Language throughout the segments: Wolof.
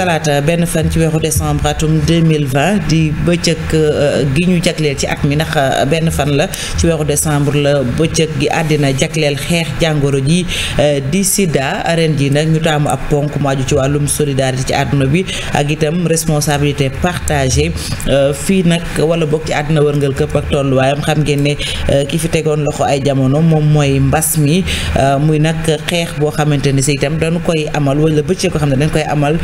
talaata benn fan ci weeru décembre atum 2020 di bëccëg euh, gi ñu jagleel ci at mi ndax euh, benn fan la ci weexu décembre la bëccëg gi àddina jagleel xeex jàngoro ji euh, di sidda ren ji nag ñu taamu ab ponk mu aju ci wàllum solidarité ci àdduna bi ak itam responsabilité partagée fii nag wala bokk ci àddina wërngal këpp ak tolluwaayam xam ngeen ne ki fi tegoon loxo ay jamono moom mooy mbas mi muy nag xeex boo xamante ne si itam dañu koy amal wala bëccëg ko xam ne dañ koy amal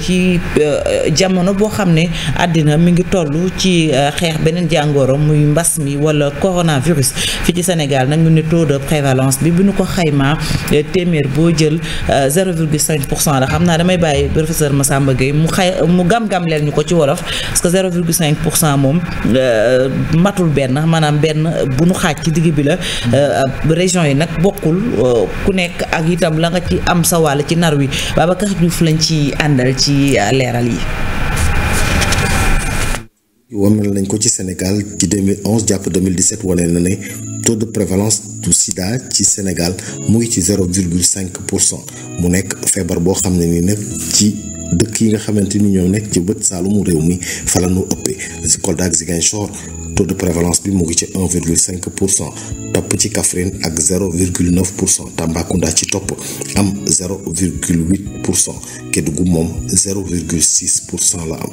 ci euh, jamono boo xam ne àddina mi ngi toll ci euh, xeex beneen jàngoro muy mbas mi wala coronavirus fi ci Sénégal nag ñu ne taux de prévalence bi bu ñu ko xaymaa euh, téeméer boo jël 0,5 pour cent la xam naa damay bàyyi professeur Massamba Gueye mu xay mu gam-gam leel ñu ko ci wolof parce que 0,5 pour cent moom matul benn maanaam benn bu nu xaaj ci digg bi la région yi nag bokkul ku nekk ak itam la nga ci am sa wàll ci nar wi Babacar Diouf lañ ci àndal ci ci leeral yi. wanal nañ ko ci Sénégal ci 2011 jàpp 2017 wane na ne taux de prévalence du sida ci Sénégal mu ngi ci 0,5 pour cent mu nekk feebar boo xam ne ni nag ci. dëkk yi nga xamante ni ñoo nekk ci bët saalumu réew mi fa nu ñu ëppee si Kolda ak Ziguinchor taux de prévalence bi mu ngi ci 1,5 pour cent topp ci Kaffrine ak 0,9 pour cent Tambacounda ci topp am 0,8 pour cent Kédougou moom 0,6 pour cent la am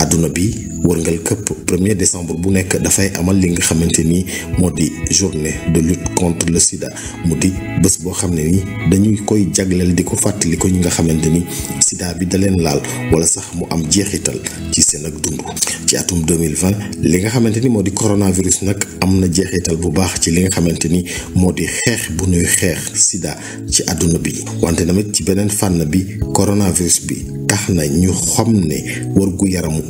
adduna bi. wërngal këpp premier décembre bu nekk dafay amal li nga xamante ni moo di journée de lutte contre le sida mu di bés boo xam ne ni dañuy koy jagleel di ko fàttali ko ñi nga xamante ni sida bi da leen laal wala sax mu am jeexital ci seen ak dund ci atum 2020 li nga xamante ni moo di coronavirus nag am na jeexital bu baax ci li nga xamante ni moo di xeex bu nuy xeex sida ci àdduna bi wante tamit ci beneen fànna bi coronavirus bi tax na ñu xam ne wërgu yaramu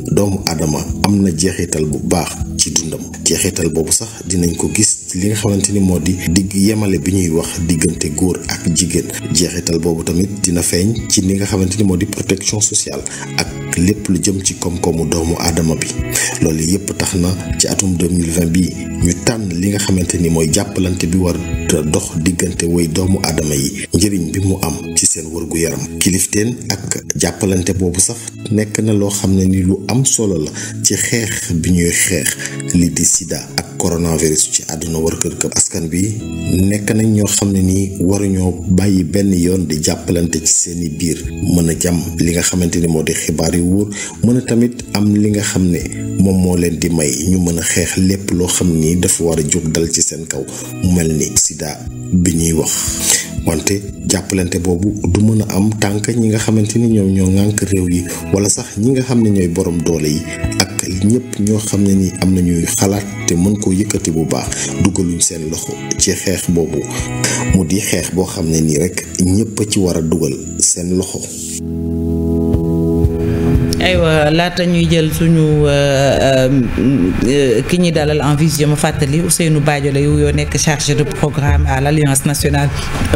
am na jeexital bu baax ci dundam jeexital boobu sax dinañ ko gis li nga xamante ni moo di digg yemale bi ñuy wax diggante góor ak jigéen jeexital boobu tamit dina feeñ ci li nga xamante ni moo di protection sociale ak lépp lu jëm ci koom doomu aadama bi loolu yépp tax na ci atum 2020 bi ñu tànn li nga xamante ni mooy jàppalante bi war dox diggante way doomu aadama yi njëriñ bi mu am ci seen wërgu yaram kilifteen ak jàppalante boobu sax nekk na loo xam ne ni lu am solo la ci xeex bi ñuy xeex lii di sida ak coronavirus ci àdduna war kër këpp askan bi nekk nañ ñoo xam ne nii waruñoo bàyyi benn yoon di jàppalante ci seeni biir mën a jàmm li nga xamante ni moo di xibaar yu wóor mën a tamit am li nga xam ne moom moo leen di may ñu mën a xeex lépp loo xam ni dafa war a jóg dal ci seen kaw mu mel ni sida bi ñuy wax wante jàppalante boobu du mën a am tànk ñi nga xamante ni ñoom ñoo ŋànk réew yi wala sax ñi nga xam ne ñooy borom doole yi ak ñëpp ñoo xam ne nii am na ñuy xalaat te mën koo yëkkati bu baax dugaluñ seen loxo ci xeex boobu mu di xeex boo xam ne nii rek ñëpp a ci war a dugal seen loxo. aywa laata ñuy jël suñu euh, euh, euh, ki ñuy dalal en visio ma fàttali Ousseynou Badio la yow yoo nekk chargé de programme à l' alliance nationale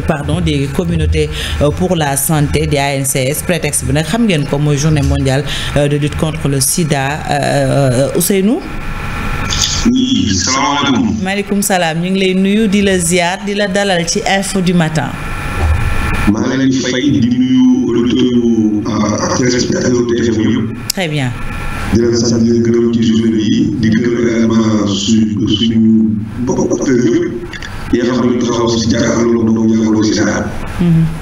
pardon des communautés pour la santé di ANCS prétexte bi nag xam ngeen ko mooy journée mondiale de lutte contre le sida Ousseynou. oui maaleykum salaam ñu ngi lay nuyu di la ziar di la dalal ci info du matin. acteurs et acteurs bien. di leen sant di leen gërëm ci journée bi di gërëm également suñu suñu bopp acteurs yëpp yi nga xam ne taxaw si jàkkaarloo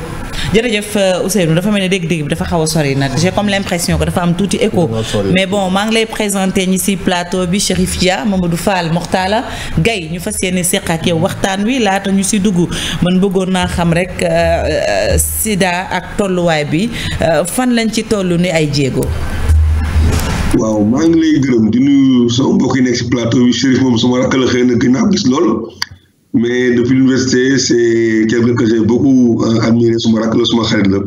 jërëjëf euh, Ousseynou dafa mel ne dégg-dégg bi dafa xaw a sori nag j'ai comme l'impression que dafa am tuuti écho mais bon maa ngi lay présenté ñi ci plateau bi Chérif Dia Mamadou Fall Moxtala Gaye ñu fas yéene seq ak waxtaan wi laata ñu ci dugg man bëggoon naa xam rek euh, euh, sida ak tolluwaay bi fan lañ ci toll ni ay jéego waaw maa ngi lay gërëm di nuyu sama mbokk nekk ci plateau bi Chérif moom sama rakk la xëy na gis lool mais depuis l'université c'est quelqu'un que j'ai beaucoup euh, admiré suma rakk la suma xarit la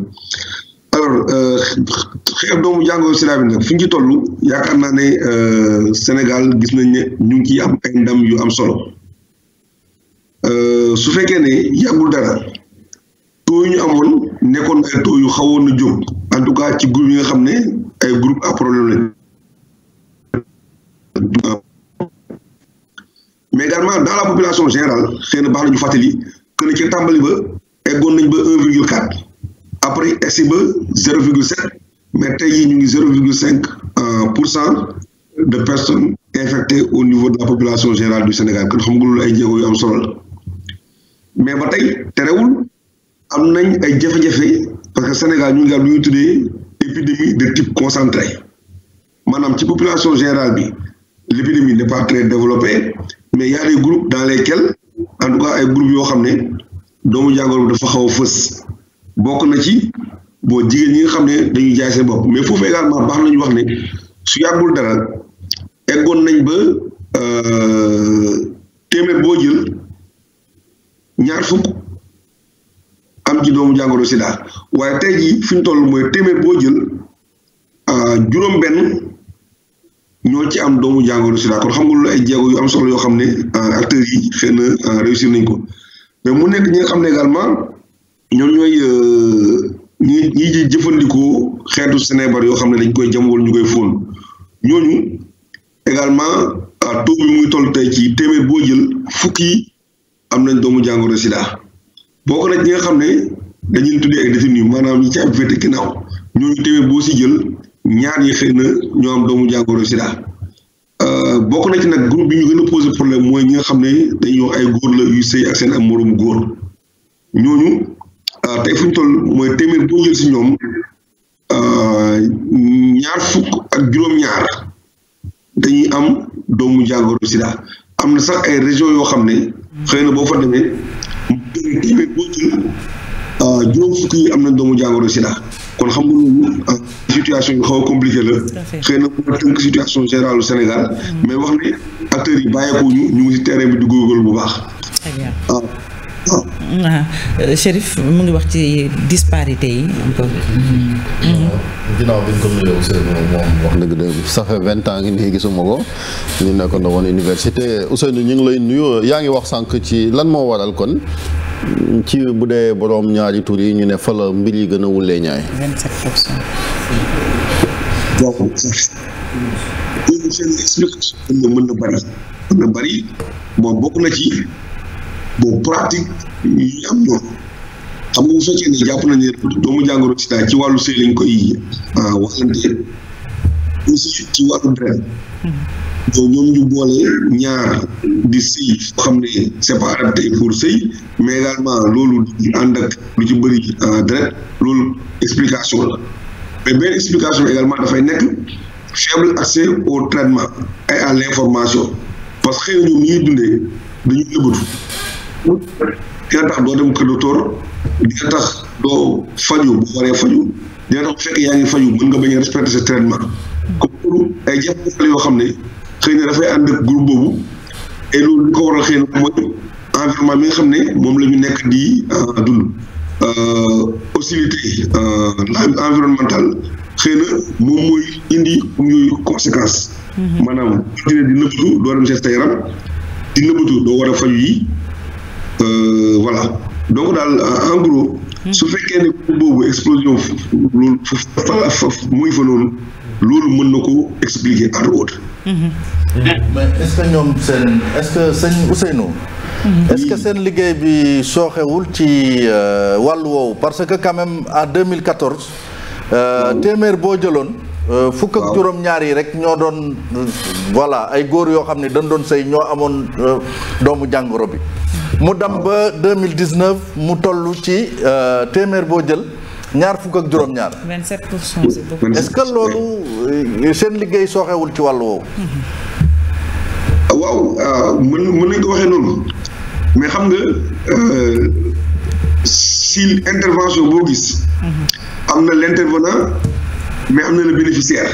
alors euh, xeex doomu jàngoro sida bi nag fi ñu ci toll yaakaar naa ne euh, Sénégal gis nañ ne ñu ngi ciy am ay ndam yu am solo su fekkee ne yàggul dara taux ñu amoon nekkoon ay taux yu xawoon na jóg en tout cas ci groupe yi nga xam ne ay groupe à problème mais également dans la population générale xëy na baax na ñu fàttali que ci tàmbali ba eggoon nañ ba un virgule quatre après egsi ba zéro virgule sept mais tey jii ñu ngi zéro virgule cinq euh, pour cent de personnes infectées au niveau de la population générale du Sénégal kon xam nga loolu ay jéego yu am solo mais ba tey terewul am nañ ay jafe parce que Sénégal ñu ngi am lu ñuy tuddee épidémie de type concentré maanaam ci population générale bi l' épidémie n' est pas développée mais y a des groupes dans lesquels en tout cas ay groupes yoo xam ne doomu jàngoro bi dafa xaw a fës bokk na ci boo jigéen ñi xam ne dañuy jaay seen bopp mais foofu également baax nañu wax ne su yàggul dara eggoon nañ ba euh, téeméer boo jël ñaar fukk am ci doomu jàngoro sida waaye tey jii fi ñu toll mooy téeméer boo jël euh, juróom-benn ñoo ci am doomu jàngoro sida kon xam nga loolu ay jéego yu am solo yoo xam ne euh, acteurs yi xëy na euh, réussir nañ ko mais mu nekk ñi nga xam ne également ñoo ñooy euh, ñi ñi jëfandikoo xeetu Sénébar yoo xam ne dañ koy jam ñu koy fóon ñooñu également taux bi muy toll tey ci téeméer boo jël fukk yi am nañ doomu jàngoro sida bokk na ci ñi nga xam ne dañuy tuddee ak détenu maanaam ñi ci ab féete ginnaaw ñooñu téeméer boo si jël ñaar ñi xëy na ñoo am doomu jàngoro sida euh, bokk na ci nag groupe bi ñu gën a problème mooy ñi nga xam ne dañoo ay góor la yu sëy ak seen am moroomu góor ñooñu euh, tey fu ñu toll mooy téeméer boo jël si ñoom euh, ñaar fukk dañuy am doomu jàngoro sida am na sax ay région yoo xam ne xëy na boo fa demee téeméer boo jël Euh, juróom fukki am na doomu jàngoro sida kon xam nga loolu euh, situation yu xaw a compliqué la xëy na mu tënk situation générale Sénégal mm. mais wax ne acteurs yi bàyyeekoo ñu ñu ngi si terrain bi di góorgóorlu bu baax Euh, Chérif mu ngi wax ci disparité yi. Mm-hmm. ginnaaw bi ñu ko nuyoo Ousseynou moom wax dëgg de ça vingt ans ngi nii gisuma ko ñu nekkoon na woon université Ousseynou ñu ngi lay nuyu yaa ngi wax sànq ci lan moo waral kon ci bu dee boroom ñaari tur yi ñu ne fa la mbir yi gën a wulee ñaay. vingt sept pour cent. bu pratique yi am ñoom xam nga bu fekkee ne jàpp nañu ne doomu jàngoro sida ci wàllu sëy lañ koy waxante aussi ci wàllu deret donc hmm. ñu boole ñaar di sëy foo xam ne c'est pas adapté pour sëy mais également loolu lu ci bëri ah, deret loolu explication la mais benn explication également dafay nekk faible accès au traitement et à l'information parce que xëy na ñoom ni ñuy dundee dañuy lëbbatu dina tax doo dem kër docteur dina tax doo faju bu waree faju dina tax bu fekk yaa ngi faju mën nga bañ a respecté sa traitement comme ay jafe-jafe yoo xam ne xëy na dafay ànd groupe boobu ay loolu li ko waral xëy na xam ne moom la ñu nekk di euh, dund euh, hostilité euh, environnementale xëy na moom mooy indi um yooyu conséquence mhm. maanaam di nëbbatu doo dem seet sa yaram di nëbbatu doo war faju yi Euh, voilà donc daal en hmm. su fekkee ne boobu explosion fa fa muy fa noonu loolu mën na ko expliquer entre autres. Hmm. mais est que seen est-ce sëñ Ousseynou. Hmm. est seen liggéey bi sooxewul ci euh, wàll woowu parce que quand même en 2014. Euh, téeméer boo jëloon. fukk ak juróom ñaar yi rek ñoo doon voilà ay góor yoo xam ne dañ doon sëy ñoo amoon doomu jàngoro bi. mu dem ba deux mille dix neuf mu tollu ci euh, téeméer boo jël ñaar fukk ak juróom-ñaar. vingt loolu euh, seen liggéey sooxewul ci wàllu woowu. Euh, waaw mën mën nañ ko waxee noonu mais xam nga si intervention boo gis. Mhm. am na l'intervenant mais am na le bénéficiaire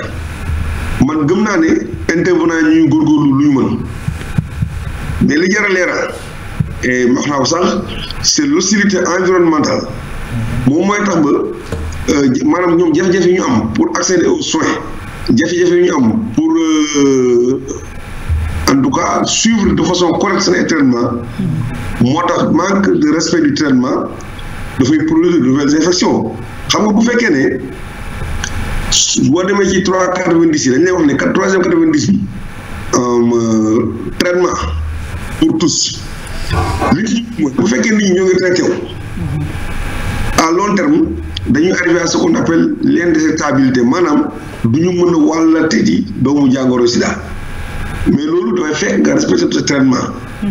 man gëm naa ne intervenant ñuy góorgóorlu lu ñu mën mais li jar a et wax naa ko sànq c'est l'hostilité environnementale mooy tax ba euh, maanaam ñoom jafe-jafe yi ñu am pour accéder au soins jafe-jafe yi ñu am pour euh, en tout cas suivre de façon correcte seen traitement moo tax manque de respect du traitement dafay produire de nouvelles infections xam nga bu fekkee ne boo demee ci trois quatre-vingt-dix yi dañ lay wax ne troisième quatre-vingt-dix bi euh, traitement pour tous li ci mooy bu fekkee nit ñi ñoo ngi traité wu long terme dañuy arrivé à ce qu'on appelle l'indétectabilité maanaam du ñu mën a wàllate ji doomu jàngoro sida mais loolu dafay fekk nga respecté traitement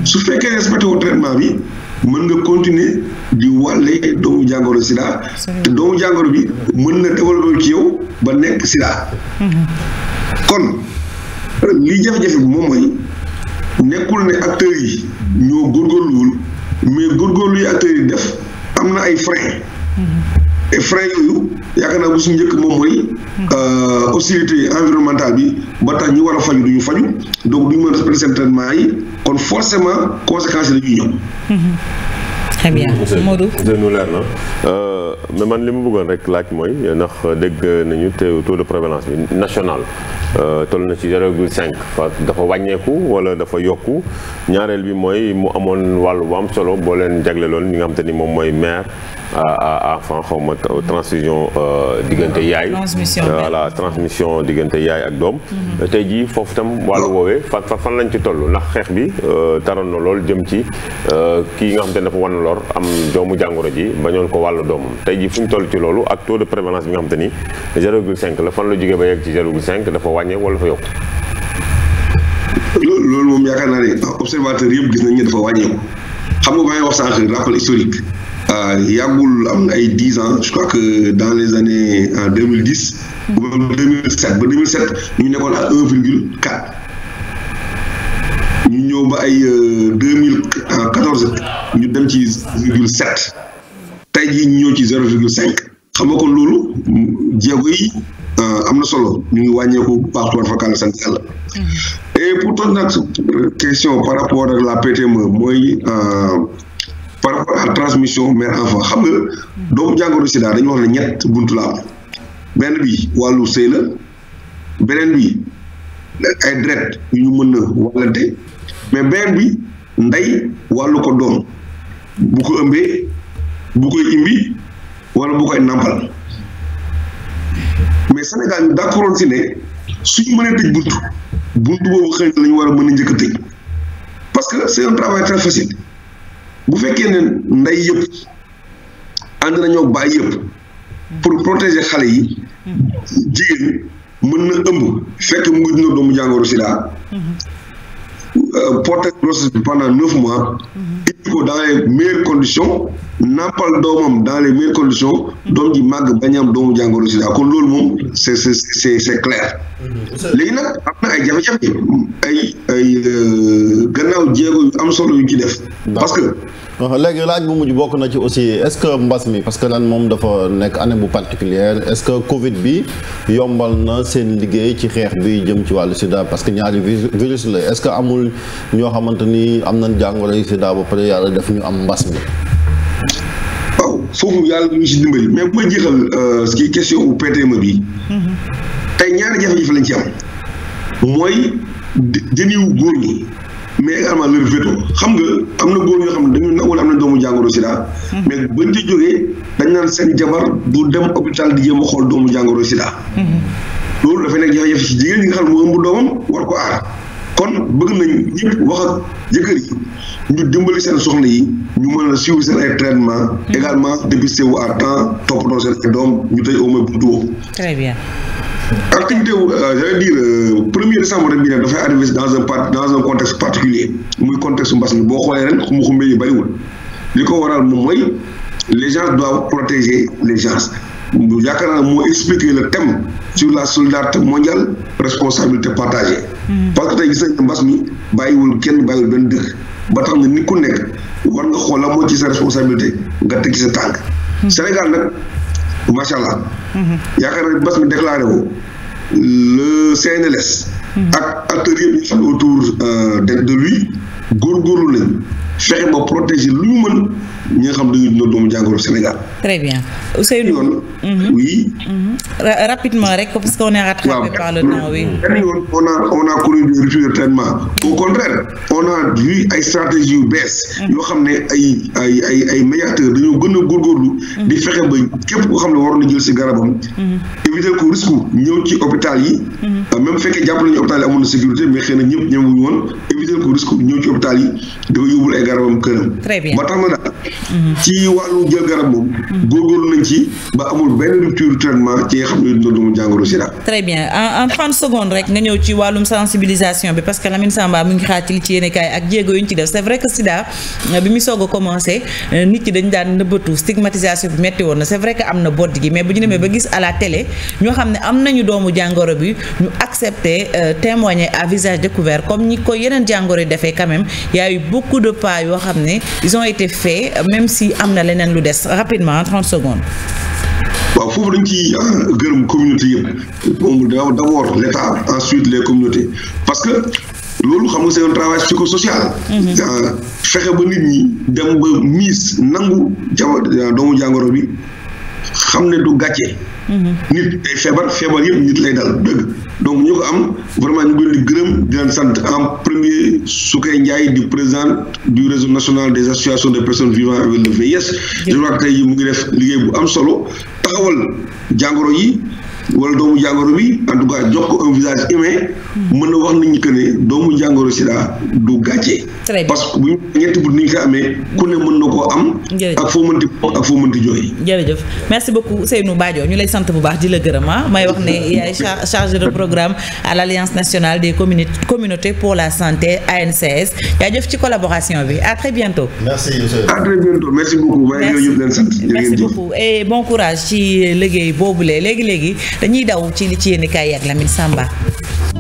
su fekkee respecté wu traitement bi mën nga continuer di wàlle doomu jàngoro sida te doomu jàngoro bi mën na développé ci yow ba nekk sida mm-hmm. kon li jafe-jafe bi moom mooy nekkul ne acteurs yi ñoo góorgóorluwul mais góorgóorlu yi acteurs yi def am na ay frein mm-hmm. et frein yooyu yaakaar naa bu suñu njëkk moom mooy mm-hmm. euh, hostilité environnementale bi ba tax ñu war a faju du ñu faju donc du ñu mën a yi kon forcément conséquences yi dañuy ñëw mm-hmm. très bien Modou. Euh, man li mu bëggoon rek laaj mooy ndax dégg nañu te taux de prévalence bi national euh, toll na ci 0,5 dafa wàññeeku wala dafa yokku ñaareel bi mooy mu amoon wàll bu am solo boo leen lool ñi nga xam te ni moom mooy maire enfant xaw ma transfusion euh, diggante yaay voilà transmission diggante yaay ak doom mm-hmm. tey jii foofu tam wàllu woowee fa fan lañ ci toll ndax xeex bi taroon na lool jëm ci kii nga xam te dafa wan lor am doomu jàngoro ji bañoon ko wàllu doomam tey ji fu ñu toll ci loolu ak taux de prévalence bi nga xam te ni 0,5 la fan la jógee ba yegg ci 0,5 dafa wàññeeku wala dafa yokk. loolu loolu moom yaakaar naa yëpp gis nañ ne dafa wàññeeku xam nga may wax sànq rappel historique. Euh, yàggul am ay dix ans je crois dans les années en euh, deux mille dix. ou bien deux mille sept ba deux mille sept ñu nekkoon à un virgule quatre. ñu ñëw ba ay euh, deux mille euh, quatorze ñu dem ci virgule sept tey jii ñu ñëw ci zéro virgule cinq xam nga kon loolu jéego yi euh, am na solo ñu ngi wàññeeku baax tuwaat fakkaal sant yàlla mm-hmm. et pour tontu nag question par rapport a la PTME mooy par rapport à transmission mère enfant xam nga doomu jàngoro sida dañu wax ne ñett buntu la am benn bi wàllu sëy la beneen bi ay dret yu ñu mën a wàllante mais beneen bi ndey wàllu ko doom bu ko ëmbee bu koy imbi wala bu koy nàmpal mais Sénégal ñu d'accordoon si ne suñu mënee tëj buntu buntu boobu xëy na war a mën a njëkk a tëj parce que c'est un travail très facile bu fekkee ne ndey yëpp ànd nañoo baay yëpp pour protéger xale yi jigéen mën na ëmb fekk mu ngi dund doomu jàngoro sida euh, porter grossesse bi pendant neuf mois mm-hmm. indi ko dans les meilleures conditions nàmpal doomam dans les meilleures conditions mm-hmm. doom ji màgg bañ am doomu jàngoro sida kon loolu moom c'est c'est c'est c'est clair mm-hmm. léegi nag am na ay jafe-jafe ay euh, gannaaw jéego yu am solo yu ci def parce que laaj bu mujj bokk na ci aussi est-ce que mbas mi parce que lan moom dafa nekk année bu particulière est-ce que Covid bi yombal na seen liggéey ci xeex bi jëm ci wàllu sida parce que ñaari virus la est-ce que amul ñoo xamante ni am na nañ jàngoroy sida ba pare yàlla def ñu am mbas mi waaw foofu yàlla ñu si dimbali mais bu ma jeexal euh, ci question bu PTME bi mm-hmm. tey ñaari jafe-jafe lañ ci am mooy jëniwu góor ñi mais également leur veto xam nga am na góor ñoo xam ne dañu nag wala am na doomu jàngoro sida hmm. mais bañ ci jógee dañ naan seen jabar du dem hôpital di jéem xool doomu jàngoro sida hmm. loolu dafay nekk jafe-jafe si jigéen ñi nga xam ne moo ëmb doomam war ko aar kon bëgg nañ ñëpp wax ak jëkkër yi ñu dimbali seen soxna yi ñu mën a suivre seen ay traitement hmm. également dépister wu à temps toppatoo seen ay doom ñu tëj au moins buntu très activité wu euh, j'allais dire euh, premier décembre rek bi nag dafay arrivé dans un part dans un contexte particulier muy contexte mbas mi boo xoolee ren xumu xumbe yi bëriwul li ko waral moom mooy les gens protéger les gens yaakaar naa moo expliquer le thème sur la solidarité mondiale responsabilité partagée. Hmm. parce que tey gis nañ mbas mi bàyyiwul kenn bàyyiwul benn dëkk ba tax na nit ku nekk war nga xool la moo ci sa responsabilité nga teg ci sa tànk. Hmm. Sénégal nag macha allah. yaakaar naa bas mi déclaré wu le CNLS. Mm-hmm. ak acteurs yëpp ñu xam euh, de de lui góorgóorlu nañ fexe ba protéger lu ñu ñi nga xam dañuy dund doomu a Sénégal. très bien Ousseynou. yoon mhm. oui. Mhm. rapidement rek parce qu'on est rattrapé par le temps oui. benn yoon on a on a connu des ruptures au contraire on a ay stratégies yu bees. Mhm. yoo xam ne ay ay ay ay dañoo gën a góorgóorlu. di fexe ba képp koo xam ne waroon na jël si garabam. éviter ko risque ñëw ci hôpital yi. Mm-hmm. Euh, même fekkee jàpp nañu hôpital yi amoon na sécurité mais xëy na ñëpp ñemewuñu woon éviter ko risque ñëw ci hôpital yi dafa yóbbul ay garabam këram ba tax na daal mm-hmm. ci wàllu jël garab moom mm-hmm. góorgóorlu nañ ci ba amul benn rupture traitement ci xam ne dina jàngoro sida très bien en trente secondes rek nga ñëw ci wàllum sensibilisation bi parce que Lamine Samba mu ngi xaar ci li ci yéene kaay ak jéego yuñ ci def c'est vrai que sida euh, bi mu soog a euh, nit ñi dañ daan nëbbatu stigmatisation bi metti na c'est vrai que am na bodd gi mais bu ñu demee ba gis à ñoo xam ne am nañu doomu jàngoro bi ñu accepter euh, témoigner à visage découvert comme ñi ko yeneen jàngoro yi defee quand même y a eu de pas yoo xam ne ils ont été faits même si am na leneen lu des rapidement en 30 secondes. waaw foofu dañ ci gërëm communauté yëpp moom d'abord l'État ensuite les communautés parce que loolu xam nga c'est un travail psychosocial. Mm-hmm. fexe ba nit ñi dem ba miis nangu doomu jàngoro bi xam ne du gàcce. Mm-hmm. nit ay feebar feebar yëpp nit lay dal dëgg donc ñu ko am vraiment ñu ngi leen di gërëm di leen sant en premier Soukey Ndiaye du président du réseau national des associations des personnes vivant avec le VIH je crois que tey mu ngi def liggéey bu am solo taxawal jàngoro yi wala doomu jàngoro bi en tout cas jox ko un mën na wax nit ñi que ne doomu jàngoro sida du gàcce. parce que bu ñu ñetti bu ni ñu ko amee ku ne mën na koo am. ak foo mënti ak merci beaucoup Seynou Badio ñu lay sant bu baax di la gërëm ah. may wax ne yaay chargé de programme à l' alliance nationale des communi communautés pour la santé ANCS jaajëf ci collaboration bi à très bientôt. merci monsieur. à très bientôt merci beaucoup. merci beaucoup et bon courage ci liggéey boobule léegi léegi. dañuy daw ci li ci yéen kaay la Lamine Samba.